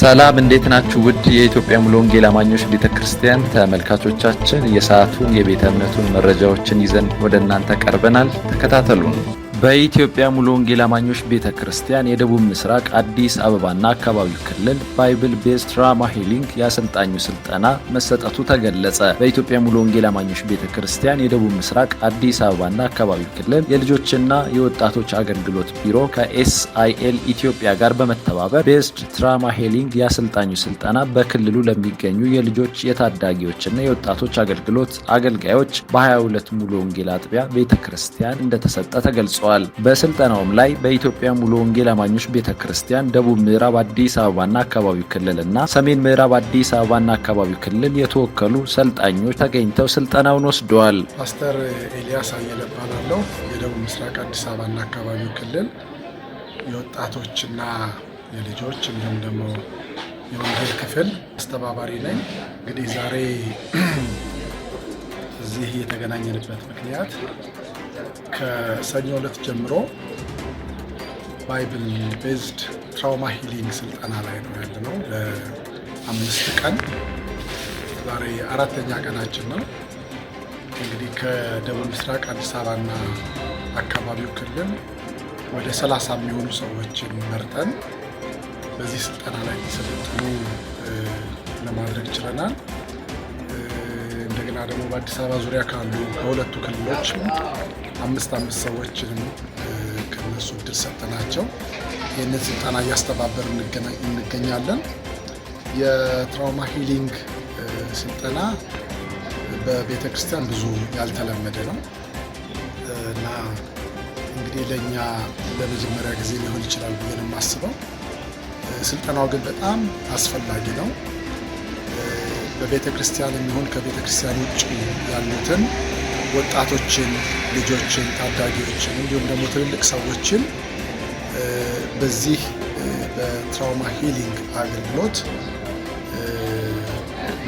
ሰላም እንዴት ናችሁ? ውድ የኢትዮጵያ ሙሉ ወንጌል አማኞች ቤተ ክርስቲያን ተመልካቾቻችን የሰዓቱን የቤተ እምነቱን መረጃዎችን ይዘን ወደ እናንተ ቀርበናል። ተከታተሉን። በኢትዮጵያ ሙሉ ወንጌል አማኞች ቤተ ክርስቲያን የደቡብ ምስራቅ አዲስ አበባና አካባቢው ክልል ባይብል ቤስት ትራማ ሂሊንግ የአሰልጣኙ ስልጠና መሰጠቱ ተገለጸ። በኢትዮጵያ ሙሉ ወንጌል አማኞች ቤተ ክርስቲያን የደቡብ ምስራቅ አዲስ አበባና አካባቢው ክልል የልጆችና የወጣቶች አገልግሎት ቢሮ ከኤስአይኤል ኢትዮጵያ ጋር በመተባበር ቤስት ትራማ ሂሊንግ የአሰልጣኙ ስልጠና በክልሉ ለሚገኙ የልጆች የታዳጊዎችና የወጣቶች አገልግሎት አገልጋዮች በ22 ሙሉ ወንጌል አጥቢያ ቤተ ክርስቲያን እንደተሰጠ ተገልጿል። ተገልጿል። በስልጠናውም ላይ በኢትዮጵያ ሙሉ ወንጌል አማኞች ቤተ ክርስቲያን ደቡብ ምዕራብ አዲስ አበባና አካባቢው ክልልና ሰሜን ምዕራብ አዲስ አበባና አካባቢው ክልል የተወከሉ ሰልጣኞች ተገኝተው ስልጠናውን ወስደዋል። ፓስተር ኤልያስ አየለ እባላለሁ። የደቡብ ምስራቅ አዲስ አበባና አካባቢው ክልል የወጣቶችና የልጆች እንዲሁም ደግሞ የወንጌል ክፍል አስተባባሪ ነኝ። እንግዲህ ዛሬ እዚህ የተገናኘንበት ምክንያት ከሰኞ ዕለት ጀምሮ ባይብል ቤዝድ ትራውማ ሂሊንግ ስልጠና ላይ ነው ያለ ነው። ለአምስት ቀን ዛሬ አራተኛ ቀናችን ነው። እንግዲህ ከደቡብ ምስራቅ አዲስ አበባና አካባቢው ክልል ወደ ሰላሳ የሚሆኑ ሰዎችን መርጠን በዚህ ስልጠና ላይ እንዲሰለጥኑ ለማድረግ ችለናል። እንደገና ደግሞ በአዲስ አበባ ዙሪያ ካሉ ከሁለቱ ክልሎች አምስት አምስት ሰዎችንም ከነሱ እድል ሰጠናቸው። ይህንን ስልጠና እያስተባበር እንገኛለን። የትራውማ ሂሊንግ ስልጠና በቤተ ክርስቲያን ብዙ ያልተለመደ ነው እና እንግዲህ ለእኛ ለመጀመሪያ ጊዜ ሊሆን ይችላል ብዬ ነው የማስበው። ስልጠናው ግን በጣም አስፈላጊ ነው። በቤተ ክርስቲያን የሚሆን ከቤተ ክርስቲያን ውጭ ያሉትን ወጣቶችን፣ ልጆችን፣ ታዳጊዎችን እንዲሁም ደግሞ ትልልቅ ሰዎችን በዚህ በትራውማ ሂሊንግ አገልግሎት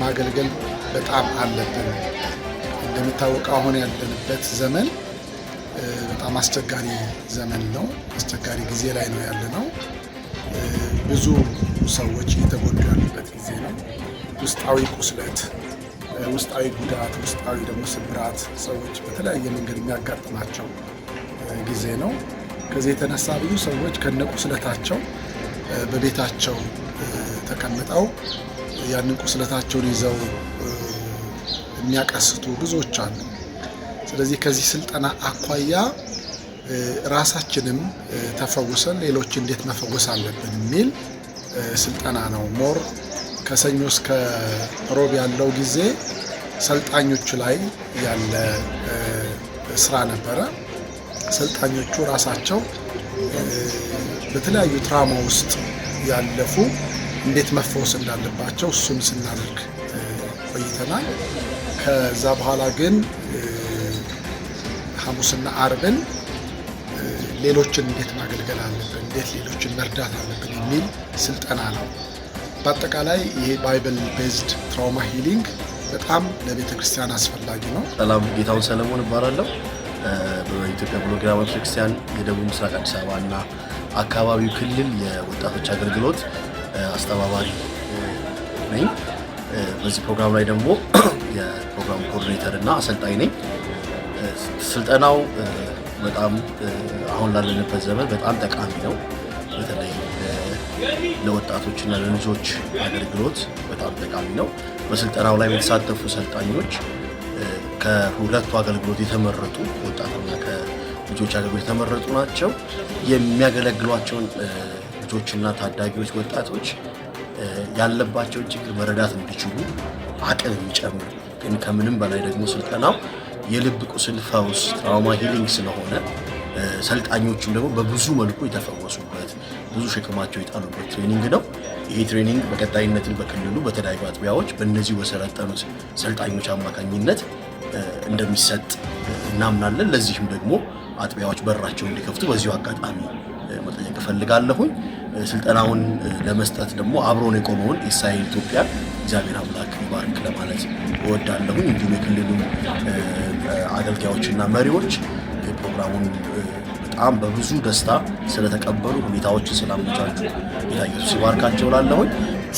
ማገልገል በጣም አለብን። እንደሚታወቀው አሁን ያለንበት ዘመን በጣም አስቸጋሪ ዘመን ነው። አስቸጋሪ ጊዜ ላይ ነው ያለ ነው። ብዙ ሰዎች እየተጎዱ ያሉበት ጊዜ ነው። ውስጣዊ ቁስለት ውስጣዊ ጉዳት፣ ውስጣዊ ደግሞ ስብራት ሰዎች በተለያየ መንገድ የሚያጋጥማቸው ጊዜ ነው። ከዚህ የተነሳ ብዙ ሰዎች ከነቁስለታቸው በቤታቸው ተቀምጠው ያንን ቁስለታቸውን ይዘው የሚያቀስቱ ብዙዎች አሉ። ስለዚህ ከዚህ ስልጠና አኳያ ራሳችንም ተፈውሰን ሌሎች እንዴት መፈወስ አለብን የሚል ስልጠና ነው ሞር ከሰኞ እስከ ሮብ ያለው ጊዜ ሰልጣኞቹ ላይ ያለ ስራ ነበረ። ሰልጣኞቹ ራሳቸው በተለያዩ ትራማ ውስጥ ያለፉ እንዴት መፈወስ እንዳለባቸው እሱን ስናደርግ ቆይተናል። ከዛ በኋላ ግን ሐሙስና አርብን ሌሎችን እንዴት ማገልገል አለብን፣ እንዴት ሌሎችን መርዳት አለብን የሚል ስልጠና ነው። በአጠቃላይ ይሄ ባይብል ቤዝድ ትራውማ ሂሊንግ በጣም ለቤተ ክርስቲያን አስፈላጊ ነው። ሰላም ጌታውን ሰለሞን እባላለሁ። በኢትዮጵያ ፕሮግራም ቤተ ክርስቲያን የደቡብ ምስራቅ አዲስ አበባ እና አካባቢው ክልል የወጣቶች አገልግሎት አስተባባሪ ነኝ። በዚህ ፕሮግራም ላይ ደግሞ የፕሮግራም ኮኦርዲኔተር እና አሰልጣኝ ነኝ። ስልጠናው በጣም አሁን ላለንበት ዘመን በጣም ጠቃሚ ነው። ለወጣቶችና ለልጆች አገልግሎት በጣም ጠቃሚ ነው። በስልጠናው ላይ የተሳተፉ ሰልጣኞች ከሁለቱ አገልግሎት የተመረጡ ወጣትና ከልጆች አገልግሎት የተመረጡ ናቸው። የሚያገለግሏቸውን ልጆችና ታዳጊዎች ወጣቶች ያለባቸውን ችግር መረዳት እንዲችሉ አቅም የሚጨምር ግን ከምንም በላይ ደግሞ ስልጠናው የልብ ቁስል ፈውስ ትራውማ ሂሊንግ ስለሆነ ሰልጣኞቹም ደግሞ በብዙ መልኩ የተፈወሱ ብዙ ሸክማቸው የጣሉበት ትሬኒንግ ነው። ይሄ ትሬኒንግ በቀጣይነትን በክልሉ በተለያዩ አጥቢያዎች በእነዚህ በሰለጠኑት ሰልጣኞች አማካኝነት እንደሚሰጥ እናምናለን። ለዚህም ደግሞ አጥቢያዎች በራቸው እንዲከፍቱ በዚሁ አጋጣሚ መጠየቅ እፈልጋለሁኝ። ስልጠናውን ለመስጠት ደግሞ አብሮን የቆመውን ኤስአይ ኢትዮጵያ እግዚአብሔር አምላክ ይባርክ ለማለት እወዳለሁኝ። እንዲሁም የክልሉ አገልጋዮችና መሪዎች ፕሮግራሙን በጣም በብዙ ደስታ ስለተቀበሉ ሁኔታዎችን ስላመቻቹ ጌታ ኢየሱስ ይባርካቸው። ላለሁኝ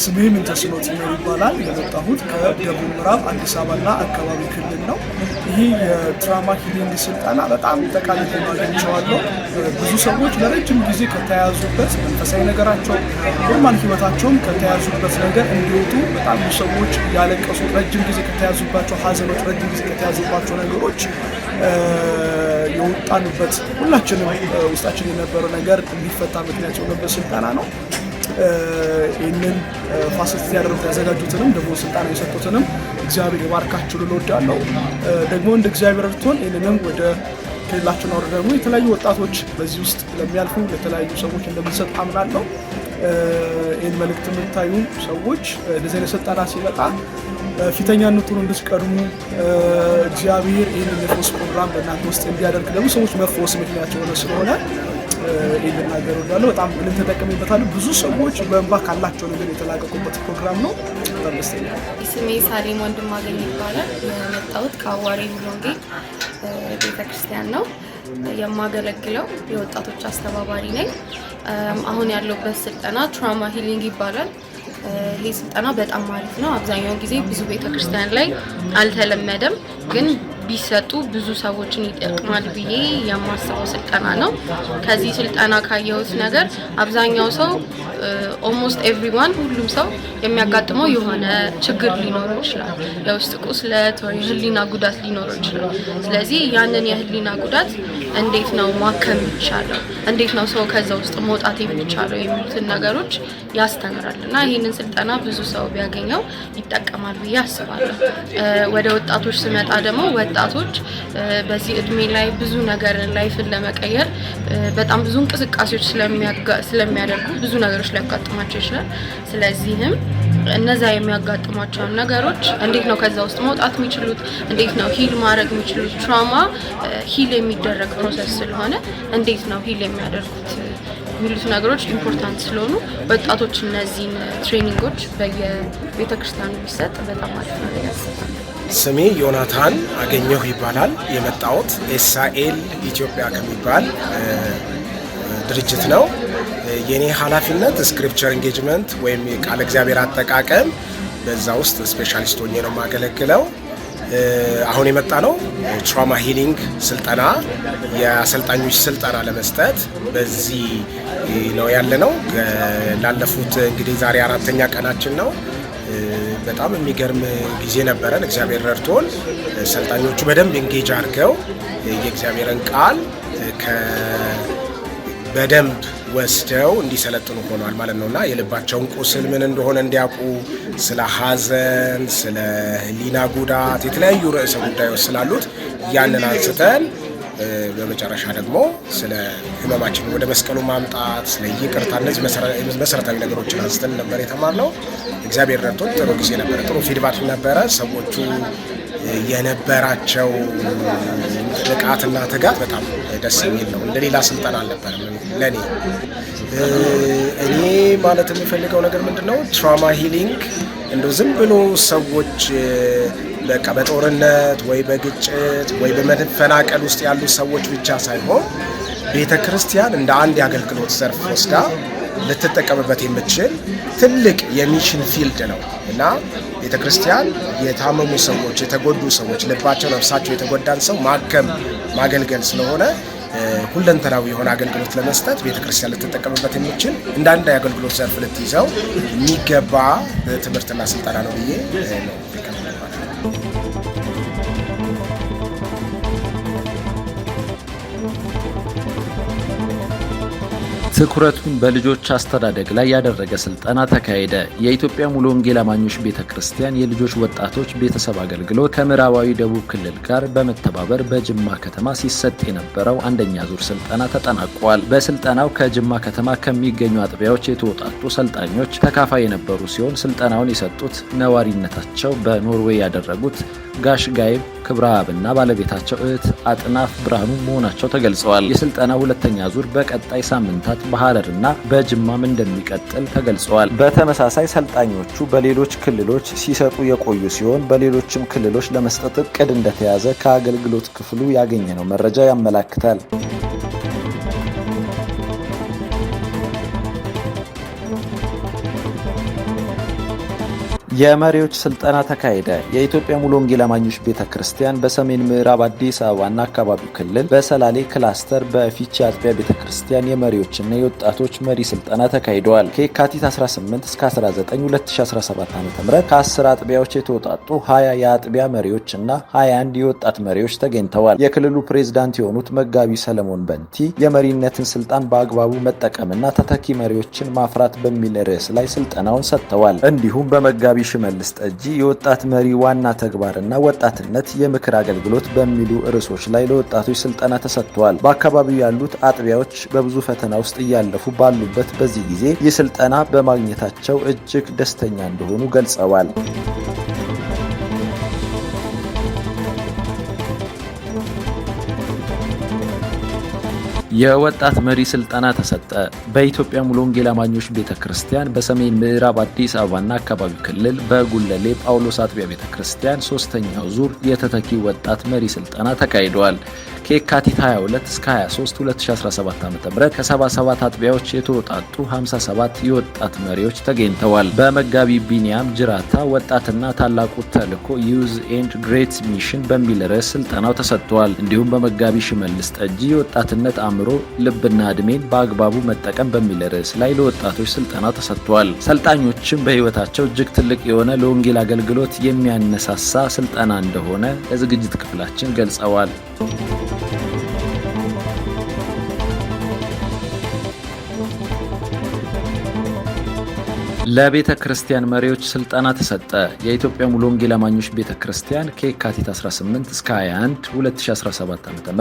ስሜ ምንተስኖት ነው ይባላል። የመጣሁት ከደቡብ ምዕራብ አዲስ አበባና አካባቢ ክልል ነው። ይህ የትራማ ሂሊንግ ስልጠና በጣም ጠቃሚ ሆኖ አግኝቼዋለሁ። ብዙ ሰዎች ለረጅም ጊዜ ከተያያዙበት መንፈሳዊ ነገራቸው ኖርማል ህይወታቸውም ከተያያዙበት ነገር እንዲወጡ በጣም ብዙ ሰዎች ያለቀሱ ረጅም ጊዜ ከተያዙባቸው ሀዘኖች፣ ረጅም ጊዜ ከተያዙባቸው ነገሮች የወጣንበት ሁላችንም ውስጣችን የነበረ ነገር እንዲፈታ ምክንያት የሆነበት ስልጠና ነው። ይህንን ፋሲሊቲ ያደረጉት ያዘጋጁትንም ደግሞ ስልጣን የሰጡትንም እግዚአብሔር ይባርካችሁ ልንወዳለው። ደግሞ እንደ እግዚአብሔር እርቶን ይህንንም ወደ ክልላችን አውርደ ደግሞ የተለያዩ ወጣቶች በዚህ ውስጥ ለሚያልፉ የተለያዩ ሰዎች እንደምንሰጥ አምናለው። ይህን መልእክት የምታዩ ሰዎች እንደዚህ አይነት ስልጠና ሲመጣ ፊተኛ ንጡን እንድትቀድሙ እግዚአብሔር ይህን የፈውስ ፕሮግራም በእናንተ ውስጥ እንዲያደርግ ደግሞ ሰዎች መፈወስ ምክንያት የሆነ ስለሆነ ይህን ነገር ወዳለሁ። በጣም ልንተጠቀምበታለን። ብዙ ሰዎች በእንባ ካላቸው ነገር የተላቀቁበት ፕሮግራም ነው። በጣም ደስተኛ ስሜ ሳሌም ወንድማገኝ ይባላል። የመጣሁት ከአዋሪ ሆንጌ ቤተክርስቲያን ነው የማገለግለው የወጣቶች አስተባባሪ ነኝ። አሁን ያለበት ስልጠና ትራማ ሂሊንግ ይባላል። ይሄ ስልጠና በጣም አሪፍ ነው። አብዛኛውን ጊዜ ብዙ ቤተክርስቲያን ላይ አልተለመደም ግን ቢሰጡ ብዙ ሰዎችን ይጠቅማል ብዬ የማስበው ስልጠና ነው። ከዚህ ስልጠና ካየሁት ነገር አብዛኛው ሰው ኦልሞስት ኤቭሪዋን ሁሉም ሰው የሚያጋጥመው የሆነ ችግር ሊኖረ ይችላል። የውስጥ ቁስለት ወይ የህሊና ጉዳት ሊኖረው ይችላል። ስለዚህ ያንን የህሊና ጉዳት እንዴት ነው ማከም የሚቻለው፣ እንዴት ነው ሰው ከዛ ውስጥ መውጣት የሚቻለው የሚሉትን ነገሮች ያስተምራል እና ይህንን ስልጠና ብዙ ሰው ቢያገኘው ይጠቀማል ብዬ አስባለሁ። ወደ ወጣቶች ስመጣ ደግሞ ወጣቶች በዚህ እድሜ ላይ ብዙ ነገር ላይፍን ለመቀየር በጣም ብዙ እንቅስቃሴዎች ስለሚያደርጉ ብዙ ነገሮች ሊያጋጥማቸው ይችላል። ስለዚህም እነዛ የሚያጋጥሟቸውን ነገሮች እንዴት ነው ከዛ ውስጥ መውጣት የሚችሉት፣ እንዴት ነው ሂል ማድረግ የሚችሉት። ትራማ ሂል የሚደረግ ፕሮሰስ ስለሆነ እንዴት ነው ሂል የሚያደርጉት የሚሉት ነገሮች ኢምፖርታንት ስለሆኑ ወጣቶች እነዚህን ትሬኒንጎች በየቤተክርስቲያኑ ቢሰጥ በጣም አሪፍ ነው ያስባል። ስሜ ዮናታን አገኘሁ ይባላል። የመጣሁት ኤሳኤል ኢትዮጵያ ከሚባል ድርጅት ነው። የኔ ኃላፊነት ስክሪፕቸር ኤንጌጅመንት ወይም የቃለ እግዚአብሔር አጠቃቀም፣ በዛ ውስጥ ስፔሻሊስት ሆኜ ነው የማገለግለው። አሁን የመጣ ነው ትራማ ሂሊንግ ስልጠና፣ የአሰልጣኞች ስልጠና ለመስጠት በዚህ ነው ያለ ነው። ላለፉት እንግዲህ ዛሬ አራተኛ ቀናችን ነው። በጣም የሚገርም ጊዜ ነበረን። እግዚአብሔር ረድቶን ሰልጣኞቹ በደንብ እንጌጅ አድርገው የእግዚአብሔርን ቃል በደንብ ወስደው እንዲሰለጥኑ ሆኗል ማለት ነው እና የልባቸውን ቁስል ምን እንደሆነ እንዲያውቁ ስለ ሐዘን፣ ስለ ሕሊና ጉዳት የተለያዩ ርዕሰ ጉዳዮች ስላሉት ያንን አንስተን በመጨረሻ ደግሞ ስለ ህመማችን ወደ መስቀሉ ማምጣት፣ ስለ ይቅርታ እነዚህ መሰረታዊ ነገሮችን አንስተን ነበር የተማርነው። እግዚአብሔር ረድቶን ጥሩ ጊዜ ነበረ። ጥሩ ፊድባክ ነበረ። ሰዎቹ የነበራቸው ልቃትና ትጋት በጣም ደስ የሚል ነው። እንደሌላ ስልጠና አልነበረም። ለእኔ እኔ ማለት የሚፈልገው ነገር ምንድን ነው ትራማ ሂሊንግ እንደው ዝም ብሎ ሰዎች በቃ በጦርነት ወይ በግጭት ወይ በመፈናቀል ውስጥ ያሉ ሰዎች ብቻ ሳይሆን ቤተ ክርስቲያን እንደ አንድ የአገልግሎት ዘርፍ ወስዳ ልትጠቀምበት የምትችል ትልቅ የሚሽን ፊልድ ነው እና ቤተ ክርስቲያን የታመሙ ሰዎች፣ የተጎዱ ሰዎች፣ ልባቸው፣ ነፍሳቸው የተጎዳን ሰው ማከም ማገልገል ስለሆነ ሁለንተናዊ የሆነ አገልግሎት ለመስጠት ቤተ ክርስቲያን ልትጠቀምበት የምችል እንደ አንድ ዘርፍ ልትይዘው የሚገባ ትምህርትና ስልጠና ነው ብዬ ነው። ትኩረቱን በልጆች አስተዳደግ ላይ ያደረገ ስልጠና ተካሄደ። የኢትዮጵያ ሙሉ ወንጌል አማኞች ቤተ ክርስቲያን የልጆች ወጣቶች ቤተሰብ አገልግሎት ከምዕራባዊ ደቡብ ክልል ጋር በመተባበር በጅማ ከተማ ሲሰጥ የነበረው አንደኛ ዙር ስልጠና ተጠናቋል። በስልጠናው ከጅማ ከተማ ከሚገኙ አጥቢያዎች የተወጣጡ ሰልጣኞች ተካፋይ የነበሩ ሲሆን ስልጠናውን የሰጡት ነዋሪነታቸው በኖርዌይ ያደረጉት ጋሽ ጋይብ እና ባለቤታቸው እህት አጥናፍ ብርሃኑ መሆናቸው ተገልጸዋል። የስልጠና ሁለተኛ ዙር በቀጣይ ሳምንታት በሐረርና በጅማም እንደሚቀጥል ተገልጸዋል። በተመሳሳይ ሰልጣኞቹ በሌሎች ክልሎች ሲሰጡ የቆዩ ሲሆን በሌሎችም ክልሎች ለመስጠት እቅድ እንደተያዘ ከአገልግሎት ክፍሉ ያገኘነው መረጃ ያመላክታል። የመሪዎች ስልጠና ተካሄደ። የኢትዮጵያ ሙሉ ወንጌል አማኞች ቤተ ክርስቲያን በሰሜን ምዕራብ አዲስ አበባና አካባቢው ክልል በሰላሌ ክላስተር በፊቼ አጥቢያ ቤተ ክርስቲያን የመሪዎችና የወጣቶች መሪ ስልጠና ተካሂደዋል። ከየካቲት 18 እስከ 19 2017 ዓ ም ከ10 አጥቢያዎች የተወጣጡ 20 የአጥቢያ መሪዎች እና 21 የወጣት መሪዎች ተገኝተዋል። የክልሉ ፕሬዝዳንት የሆኑት መጋቢ ሰለሞን በንቲ የመሪነትን ስልጣን በአግባቡ መጠቀምና ተተኪ መሪዎችን ማፍራት በሚል ርዕስ ላይ ስልጠናውን ሰጥተዋል። እንዲሁም በመጋቢ የሽመልስ ጠጂ የወጣት መሪ ዋና ተግባርና ወጣትነት የምክር አገልግሎት በሚሉ ርዕሶች ላይ ለወጣቶች ስልጠና ተሰጥቷል። በአካባቢው ያሉት አጥቢያዎች በብዙ ፈተና ውስጥ እያለፉ ባሉበት በዚህ ጊዜ ይህ ስልጠና በማግኘታቸው እጅግ ደስተኛ እንደሆኑ ገልጸዋል። የወጣት መሪ ስልጠና ተሰጠ። በኢትዮጵያ ሙሉ ወንጌል አማኞች ቤተ ክርስቲያን በሰሜን ምዕራብ አዲስ አበባና አካባቢው ክልል በጉለሌ ጳውሎስ አጥቢያ ቤተ ክርስቲያን ሶስተኛው ዙር የተተኪ ወጣት መሪ ስልጠና ተካሂደዋል። ከየካቲት 22 እስከ 23 2017 ዓ ም ከ77 አጥቢያዎች የተወጣጡ 57 የወጣት መሪዎች ተገኝተዋል። በመጋቢ ቢኒያም ጅራታ ወጣትና ታላቁ ተልዕኮ ዩዝ ኤንድ ግሬት ሚሽን በሚል ርዕስ ስልጠናው ተሰጥተዋል። እንዲሁም በመጋቢ ሽመልስ ጠጂ የወጣትነት አእምሮ ጨምሮ ልብና እድሜን በአግባቡ መጠቀም በሚል ርዕስ ላይ ለወጣቶች ስልጠና ተሰጥቷል። ሰልጣኞችም በህይወታቸው እጅግ ትልቅ የሆነ ለወንጌል አገልግሎት የሚያነሳሳ ስልጠና እንደሆነ ለዝግጅት ክፍላችን ገልጸዋል። ለቤተ ክርስቲያን መሪዎች ስልጠና ተሰጠ። የኢትዮጵያ ሙሉ ወንጌል አማኞች ቤተ ክርስቲያን ከየካቲት 18 እስከ 21 2017 ዓ.ም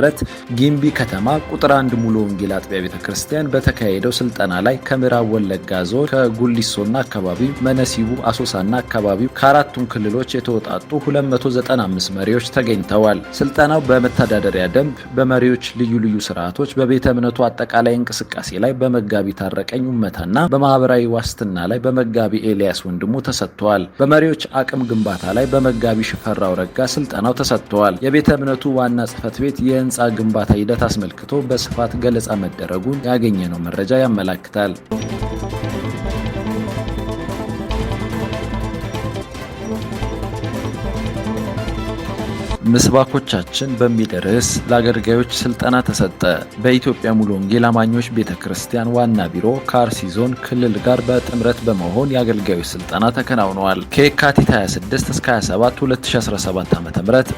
ጊምቢ ከተማ ቁጥር አንድ ሙሉ ወንጌል አጥቢያ ቤተ ክርስቲያን በተካሄደው ስልጠና ላይ ከምዕራብ ወለጋ ዞን ከጉሊሶና አካባቢው፣ መነሲቡ፣ አሶሳና አካባቢው ከአራቱም ክልሎች የተወጣጡ 295 መሪዎች ተገኝተዋል። ስልጠናው በመተዳደሪያ ደንብ፣ በመሪዎች ልዩ ልዩ ስርዓቶች፣ በቤተ እምነቱ አጠቃላይ እንቅስቃሴ ላይ፣ በመጋቢ ታረቀኝ ውመታና በማህበራዊ ዋስትና ላይ ለመጋቢ ኤልያስ ወንድሙ ተሰጥተዋል። በመሪዎች አቅም ግንባታ ላይ በመጋቢ ሽፈራው ረጋ ስልጠናው ተሰጥተዋል። የቤተ እምነቱ ዋና ጽህፈት ቤት የህንፃ ግንባታ ሂደት አስመልክቶ በስፋት ገለጻ መደረጉን ያገኘነው መረጃ ያመላክታል። ምስባኮቻችን በሚል ርዕስ ለአገልጋዮች ስልጠና ተሰጠ። በኢትዮጵያ ሙሉ ወንጌል አማኞች ቤተ ክርስቲያን ዋና ቢሮ ከአርሲ ዞን ክልል ጋር በጥምረት በመሆን የአገልጋዮች ስልጠና ተከናውነዋል። ከየካቲት 26 እስከ 27 2017 ዓ ም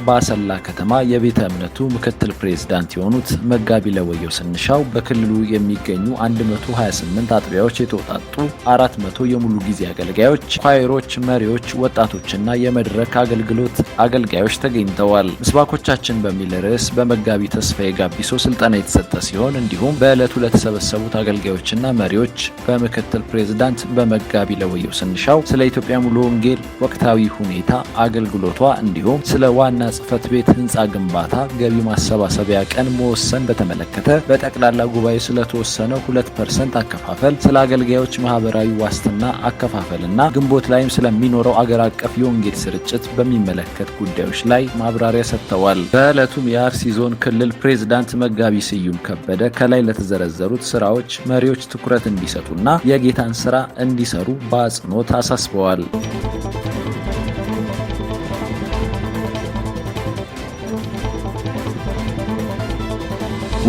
በአሰላ ከተማ የቤተ እምነቱ ምክትል ፕሬዝዳንት የሆኑት መጋቢ ለወየው ስንሻው በክልሉ የሚገኙ 128 አጥቢያዎች የተውጣጡ 400 የሙሉ ጊዜ አገልጋዮች፣ ኳይሮች፣ መሪዎች፣ ወጣቶችና የመድረክ አገልግሎት አገልጋዮች ተገኝተዋል። ቀርቧል። ምስባኮቻችን በሚል ርዕስ በመጋቢ ተስፋዬ ጋቢሶ ስልጠና የተሰጠ ሲሆን እንዲሁም በዕለቱ ለተሰበሰቡት አገልጋዮችና መሪዎች በምክትል ፕሬዝዳንት በመጋቢ ለወየው ስንሻው ስለ ኢትዮጵያ ሙሉ ወንጌል ወቅታዊ ሁኔታ አገልግሎቷ፣ እንዲሁም ስለ ዋና ጽህፈት ቤት ህንፃ ግንባታ ገቢ ማሰባሰቢያ ቀን መወሰን በተመለከተ፣ በጠቅላላ ጉባኤ ስለተወሰነው ሁለት ፐርሰንት አከፋፈል፣ ስለ አገልጋዮች ማህበራዊ ዋስትና አከፋፈልና ግንቦት ላይም ስለሚኖረው አገር አቀፍ የወንጌል ስርጭት በሚመለከት ጉዳዮች ላይ ማብራሪያ ማብራሪያ ሰጥተዋል። በዕለቱም የአርሲ ዞን ክልል ፕሬዝዳንት መጋቢ ስዩም ከበደ ከላይ ለተዘረዘሩት ስራዎች መሪዎች ትኩረት እንዲሰጡና የጌታን ስራ እንዲሰሩ በአጽንኦት አሳስበዋል።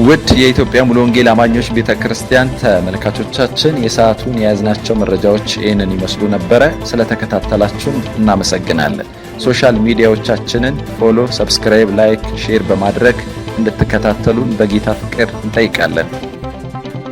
ውድ የኢትዮጵያ ሙሉ ወንጌል አማኞች ቤተ ክርስቲያን ተመልካቾቻችን የሰዓቱን የያዝናቸው መረጃዎች ይህንን ይመስሉ ነበረ። ስለተከታተላችሁን እናመሰግናለን። ሶሻል ሚዲያዎቻችንን ፎሎ፣ ሰብስክራይብ፣ ላይክ፣ ሼር በማድረግ እንድትከታተሉን በጌታ ፍቅር እንጠይቃለን።